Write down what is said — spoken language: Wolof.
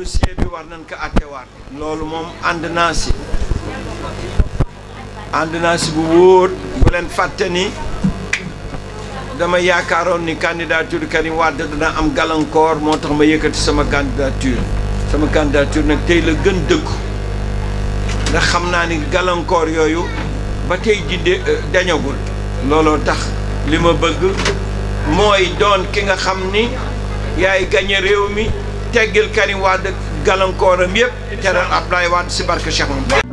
dossier bi war nañ ko àttewaat loolu mom ànd naa si ànd naa si bu wóor bu leen fàtte ni dama yakaron ni candidature Karim Wade dana am gàllankoor moo tax ma yëkkati sama candidature sama candidature nak tey la gën dëkku ndax xam naa ni gàllankoor yooyu ba tey jii euh, dañagul looloo tax li bëgg mooy doon ki nga ni yaay gañe réew mi teggil Karim Wade gàllankooram yëpp teral Abdoulaye Wade si barke Cheikh Mouhamed